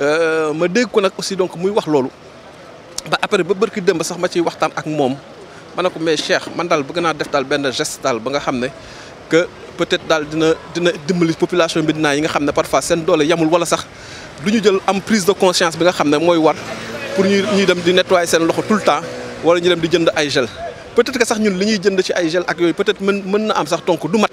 Euh, ma dégg ko nag aussi donc muy wax loolu ba après ba bërki dem ba sax ma ciy waxtaan ak moom ma ne ko mais Cheikh man daal bëgg naa def daal benn gest daal ba nga xam ne que peut-être daal dina dina dimbali population bi dinaa yi nga xam ne parfois seen doole yamul wala sax du ñu jël am prise de conscience bi nga xam ne mooy war pour ñu ñuy dem di nettoyer seen loxo tout le temps wala ñu dem di jënd ay gel peut-être que sax ñun li ñuy jënd ci ay gel ak yooyu peut-être mën na am sax donc du mat.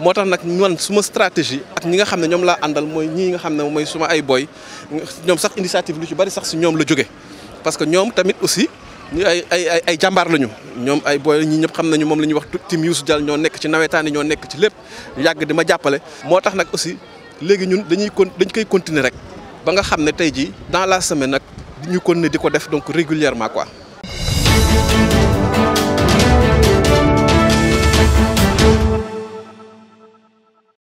moo tax nag man suma stratégie ak ñi nga xam ne ñoom laa àndal mooy ñii nga xam ne mooy suma ay boy ñoom sax initiative lu ci bari sax si ñoom la jóge parce que ñoom tamit aussi ñu ay ay ay jàmbaar lañu ñoom ay boy ñi ñëpp xam nañu moom la ñuy wax tim Youssou Dial ñoo nekk ci nawetaani ñoo nekk ci lépp yàgg di ma jàppale. moo tax nag aussi léegi ñun dañuy con dañ koy continuer rek ba nga xam ne tey jii dans la semaine nag ñu continuer di ko def donc régulièrement quoi.